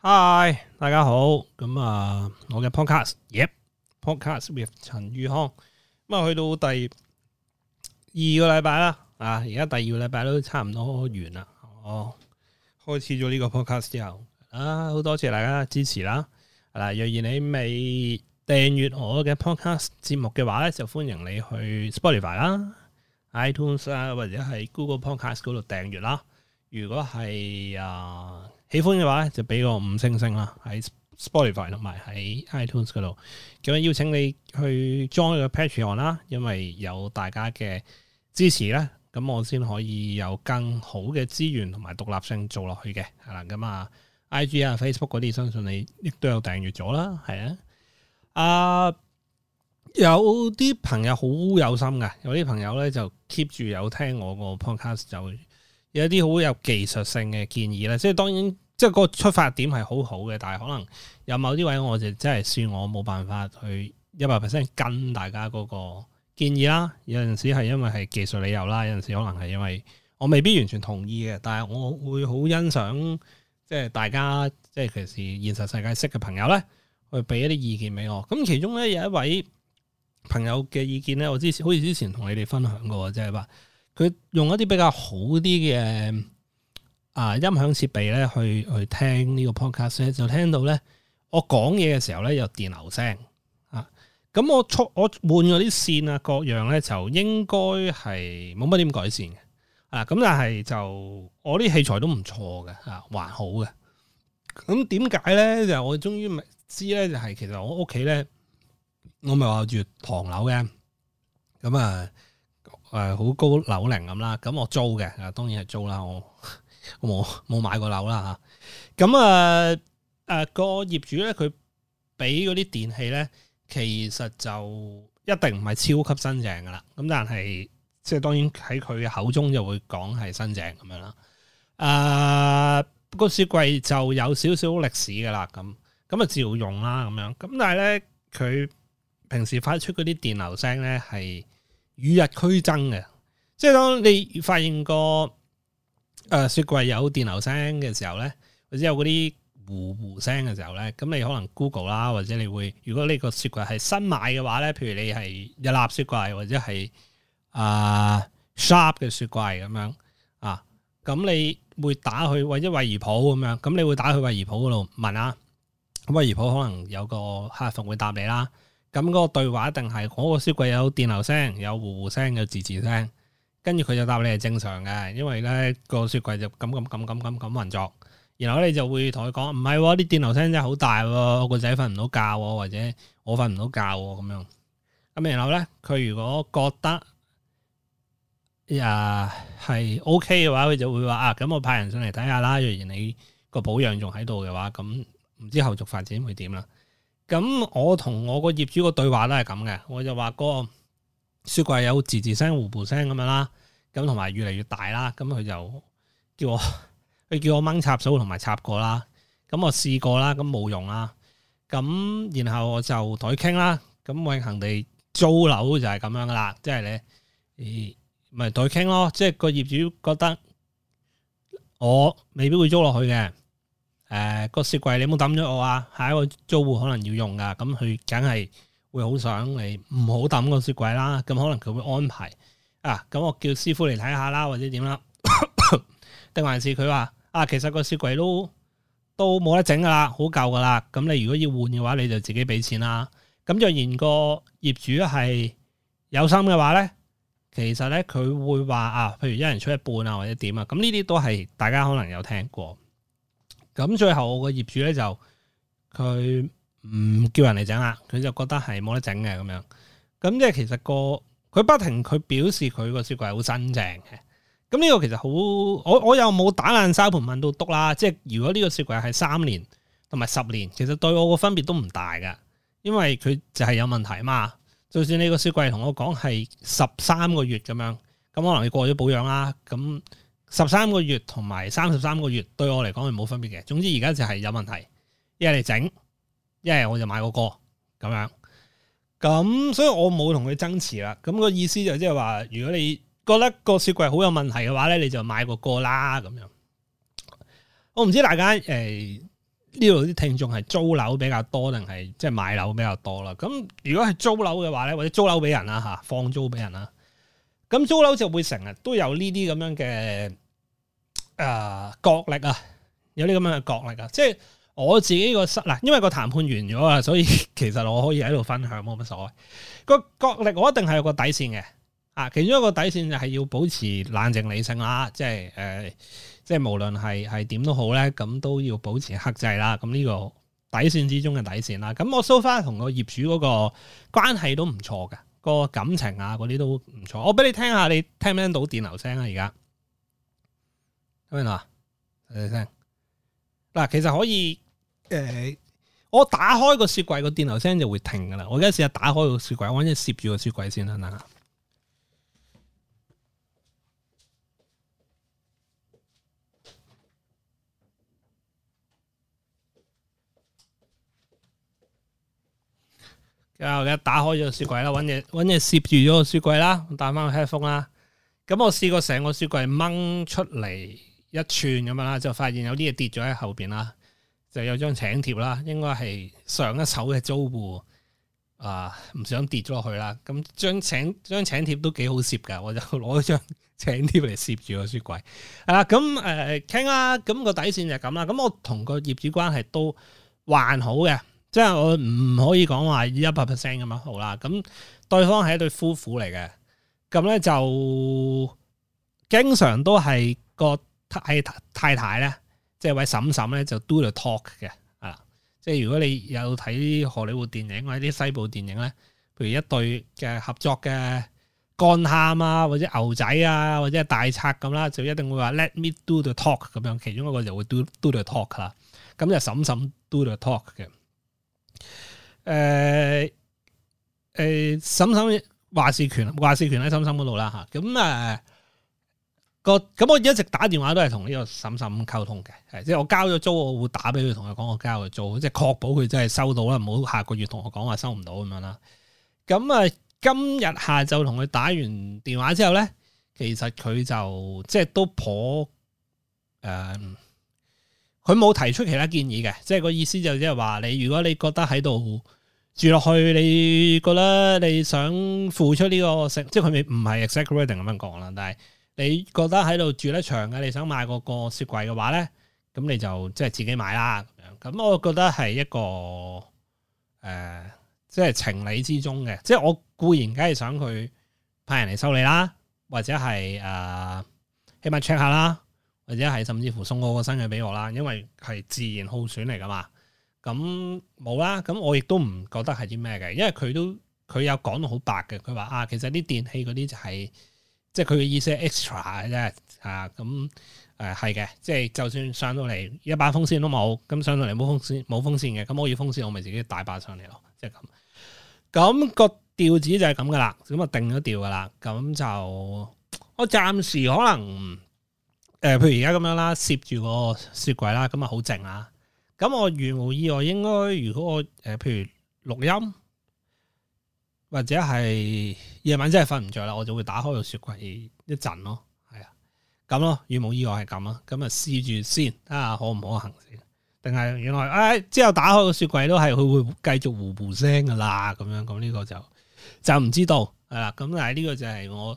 Hi，大家好，咁、嗯、啊，我嘅 podcast，Yep，Podcast with 陳宇康，咁、嗯、啊，去到第二個禮拜啦，啊，而家第二個禮拜都差唔多完啦，哦，開始咗呢個 podcast 之後，啊，好多謝大家支持啦，嗱，若然你未訂閱我嘅 podcast 節目嘅話咧，就歡迎你去 Spotify 啦、iTunes 啊，或者係 Google Podcast 嗰度訂閱啦，如果係啊。喜歡嘅話就俾個五星星啦，喺 Spotify 同埋喺 iTunes 嗰度。咁邀請你去 join 個 Patreon 啦，因為有大家嘅支持咧，咁我先可以有更好嘅資源同埋獨立性做落去嘅，係啦。咁啊，IG 啊 Facebook 嗰啲，相信你亦都有訂閱咗啦，係啊。啊有啲朋友好有心㗎，有啲朋友咧就 keep 住有聽我個 Podcast 就有一啲好有技術性嘅建議咧，即係當然，即係嗰個出發點係好好嘅，但係可能有某啲位我就真係算我冇辦法去一百 percent 跟大家嗰個建議啦。有陣時係因為係技術理由啦，有陣時可能係因為我未必完全同意嘅，但係我會好欣賞即係大家即係其實現實世界識嘅朋友咧，去俾一啲意見俾我。咁其中咧有一位朋友嘅意見咧，我之前好似之前同你哋分享過，即係話。佢用一啲比較好啲嘅啊音響設備咧，去去聽呢個 podcast 咧，就聽到咧我講嘢嘅時候咧有電流聲啊。咁我錯我換嗰啲線啊各樣咧，就應該係冇乜點改善嘅啊。咁但係就我啲器材都唔錯嘅啊，還好嘅。咁點解咧？就係、我終於咪知咧，就係其實我屋企咧，我咪話住唐樓嘅咁啊。誒，好、呃、高樓齡咁啦，咁我租嘅，當然係租啦，我我冇買過樓啦吓。咁啊，誒、呃呃那個業主咧，佢俾嗰啲電器咧，其實就一定唔係超級新淨噶啦。咁但係，即係當然喺佢口中就會講係新淨咁樣啦。誒、呃，那個雪櫃就有少少歷史噶啦，咁咁啊，照用啦咁樣。咁但係咧，佢平時發出嗰啲電流聲咧係，與日俱增嘅，即係當你發現個誒、呃、雪櫃有電流聲嘅時候咧，或者有嗰啲糊糊聲嘅時候咧，咁你可能 Google 啦，或者你會，如果呢個雪櫃係新買嘅話咧，譬如你係日立雪櫃或者係啊、呃、Sharp 嘅雪櫃咁樣啊，咁你會打去或者惠而浦咁樣，咁你會打去惠而浦嗰度問啊，惠而浦可能有個客服會答你啦。咁嗰個對話，一定係嗰個雪櫃有電流聲，有糊糊聲，有吱吱聲，跟住佢就答你係正常嘅，因為咧個雪櫃就咁咁咁咁咁咁運作，然後你就會同佢講唔係喎，啲、啊、電流聲真係好大喎，個仔瞓唔到覺，或者我瞓唔到覺咁樣，咁、嗯、然後咧佢如果覺得呀係 OK 嘅話，佢就會話啊，咁我派人上嚟睇下啦。若然你個保養仲喺度嘅話，咁唔知後續發展會點啦。咁我同我個業主個對話都係咁嘅，我就話嗰個雪櫃有吱吱聲、糊糊聲咁樣啦，咁同埋越嚟越大啦，咁佢就叫我佢叫我掹插手同埋插過啦，咁我試過啦，咁冇用啦，咁然後我就同佢傾啦，咁榮幸地租樓就係咁樣啦，即係你，誒、呃，咪同佢傾咯，即係個業主覺得我未必會租落去嘅。誒、呃，那個雪櫃你冇抌咗我啊！下一個租戶可能要用噶，咁佢梗係會好想你唔好抌個雪櫃啦。咁可能佢會安排啊，咁我叫師傅嚟睇下啦，或者點啦，定 還是佢話啊？其實個雪櫃都都冇得整噶啦，好舊噶啦。咁你如果要換嘅話，你就自己俾錢啦。咁若然個業主係有心嘅話咧，其實咧佢會話啊，譬如一人出一半啊，或者點啊，咁呢啲都係大家可能有聽過。咁最後我個業主咧就佢唔叫人嚟整啊，佢就覺得係冇得整嘅咁樣。咁即係其實、那個佢不停佢表示佢個,個雪櫃好新淨嘅。咁呢個其實好我我又冇打爛沙盤問到篤啦。即係如果呢個雪櫃係三年同埋十年，其實對我個分別都唔大嘅，因為佢就係有問題嘛。就算呢個雪櫃同我講係十三個月咁樣，咁可能你過咗保養啦，咁。十三個月同埋三十三個月對我嚟講係冇分別嘅，總之而家就係有問題，一係你整，一係我就買過個。咁樣，咁所以我冇同佢爭持啦。咁個意思就即係話，如果你覺得個雪櫃好有問題嘅話咧，你就買過個啦咁樣。我唔知大家誒呢度啲聽眾係租樓比較多定係即係買樓比較多啦。咁如果係租樓嘅話咧，或者租樓俾人啦吓，放租俾人啦。咁租樓就會成日都有呢啲咁樣嘅啊、呃、角力啊，有啲咁樣嘅角力啊。即係我自己個身嗱，因為個談判完咗啊，所以其實我可以喺度分享冇乜所謂。個角力我一定係有個底線嘅啊，其中一個底線就係要保持冷靜理性啦。即係誒、呃，即係無論係係點都好咧，咁都要保持克制啦。咁、呢、呢個底線之中嘅底線啦。咁我 so far 同個業主嗰個關係都唔錯㗎。個感情啊，嗰啲都唔錯。我俾你聽下，你聽唔聽到電流聲啊？而家聽唔聽到啊？細聲。嗱，其實可以，誒、欸，我打開個雪櫃，個電流聲就會停㗎喇。我而家試下打開個雪櫃，或者攝住個雪櫃先啦，等等。又打開咗個雪櫃啦，揾嘢揾嘢攝住咗個雪櫃啦，戴翻個 headphone 啦。咁我試過成個雪櫃掹出嚟一寸咁樣啦，就發現有啲嘢跌咗喺後邊啦，就有張請帖啦，應該係上一手嘅租戶啊，唔想跌咗落去啦。咁張請張請帖都幾好攝㗎，我就攞張請帖嚟攝住個雪櫃。係、啊、啦，咁誒傾啦，咁、呃那個底線就係咁啦。咁我同個業主關係都還好嘅。即係我唔可以講話一百 percent 咁樣好啦。咁對方係一對夫婦嚟嘅，咁咧就經常都係個太太太咧，即係位嬸嬸咧就 do the talk 嘅。啊，即係如果你有睇荷里活電影或者啲西部電影咧，譬如一對嘅合作嘅幹喊啊，或者牛仔啊，或者大賊咁啦，就一定會話 Let me do the talk 咁樣，其中一個就會 do do the talk 啦。咁就嬸嬸 do the talk 嘅。誒誒，嬸嬸、呃，話、呃、事權，話事權喺嬸嬸嗰度啦吓，咁啊個咁、啊、我一直打電話都係同呢個嬸嬸溝通嘅，係、啊、即係我交咗租，我會打俾佢，同佢講我交咗租，即係確保佢真係收到啦，唔好下個月同我講話收唔到咁樣啦。咁啊，今日下晝同佢打完電話之後咧，其實佢就即係都頗誒。啊佢冇提出其他建議嘅，即係個意思就即係話你，如果你覺得喺度住落去，你覺得你想付出呢個息，即係佢唔係 exact wording 咁樣講啦。但係你覺得喺度住得長嘅，你想買個個雪櫃嘅話咧，咁你就即係自己買啦。咁樣，咁我覺得係一個誒、呃，即係情理之中嘅。即係我固然梗係想佢派人嚟修理啦，或者係誒，起碼 check 下啦。或者係甚至乎送個個新嘢俾我啦，因為係自然耗損嚟噶嘛。咁冇啦，咁我亦都唔覺得係啲咩嘅，因為佢都佢有講到好白嘅。佢話啊，其實啲電器嗰啲就係即係佢嘅意思係 extra 啫啊。咁誒係嘅，即係、就是、就算上到嚟一把風扇都冇，咁上到嚟冇風扇冇風扇嘅，咁我要風扇我咪自己帶把上嚟咯，即係咁。咁、嗯那個調子就係咁噶啦，咁、嗯嗯、就定咗調噶啦。咁就我暫時可能。誒、呃，譬如而家咁樣啦，攝住個雪櫃啦，咁啊好靜啊。咁我如無意外，應該如果我誒、呃，譬如錄音或者係夜晚真係瞓唔着啦，我就會打開個雪櫃一陣咯。係啊，咁咯，如無意外係咁啊。咁啊試住先，睇下可唔可行先？定係原來誒之後打開個雪櫃都係佢會繼續嗚嗚聲噶啦？咁樣咁呢個就就唔知道係啦。咁、啊、但係呢個就係我。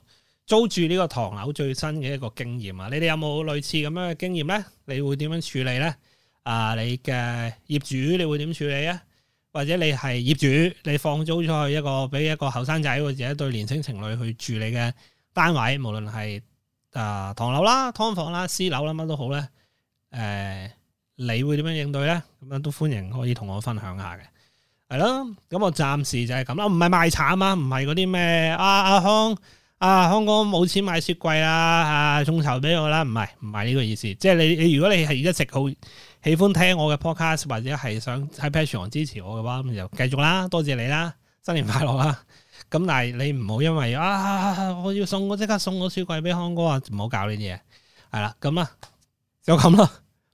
租住呢個唐樓最新嘅一個經驗啊，你哋有冇類似咁樣嘅經驗咧？你會點樣處理咧？啊、呃，你嘅業主你會點處理啊？或者你係業主，你放租出去一個俾一個後生仔或者一對年輕情侶去住你嘅單位，無論係啊唐樓啦、劏房啦、私樓啦，乜都好咧。誒、呃，你會點樣應對咧？咁樣都歡迎可以同我分享下嘅，係咯。咁我暫時就係咁啦，唔係賣慘啊，唔係嗰啲咩啊，阿、啊、康。啊，康哥冇錢買雪櫃啦，啊，眾籌俾我啦，唔係唔係呢個意思，即係你你如果你係一直好喜歡聽我嘅 podcast 或者係想喺 Patreon 支持我嘅話，咁就繼續啦，多謝你啦，新年快樂啦，咁 但係你唔好因為啊，我要送我即刻送我雪櫃俾康哥啊，唔好搞呢啲嘢，係啦，咁啊就咁啦，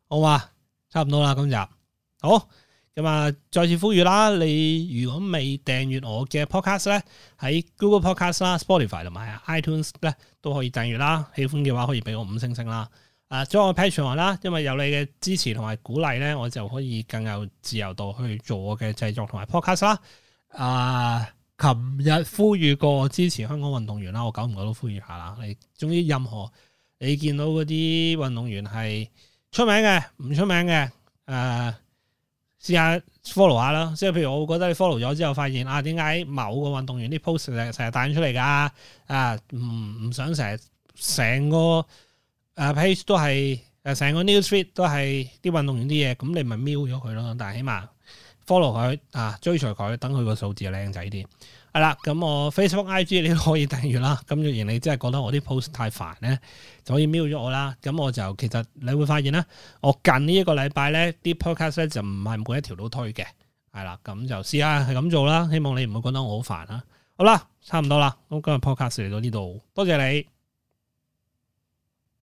好嘛，差唔多啦，咁就好。咁啊！再次呼籲啦，你如果未訂閱我嘅 Pod podcast 咧，喺 Google Podcast 啦、Spotify 同埋 iTunes 咧都可以訂閱啦。喜歡嘅話可以俾我五星星啦。啊，多謝我 Patreon 啦，因為有你嘅支持同埋鼓勵咧，我就可以更有自由度去做我嘅製作同埋 podcast 啦。啊、呃，琴日呼籲過支持香港運動員啦，我久唔久都呼籲下啦。你總之任何你見到嗰啲運動員係出名嘅，唔出名嘅，誒、呃。試下 follow 下咯，即係譬如我覺得你 follow 咗之後，發現啊，點解某個運動員啲 post 成日彈出嚟㗎？啊？啊，唔唔想成日成個誒 page 都係誒，成個 newsfeed 都係啲運動員啲嘢，咁你咪瞄咗佢咯。但係起碼 follow 佢啊，追隨佢，等佢個數字靚仔啲。係啦，咁我 Facebook、IG 你可以訂閱啦。咁若然你真係覺得我啲 post 太煩咧，就可以 mail 咗我啦。咁我就其實你會發現咧，我近呢一個禮拜咧啲 podcast 咧就唔係每一條都推嘅。係啦，咁就試下係咁做啦。希望你唔會覺得我好煩啦。好啦，差唔多啦。咁今日 podcast 嚟到呢度，多謝你。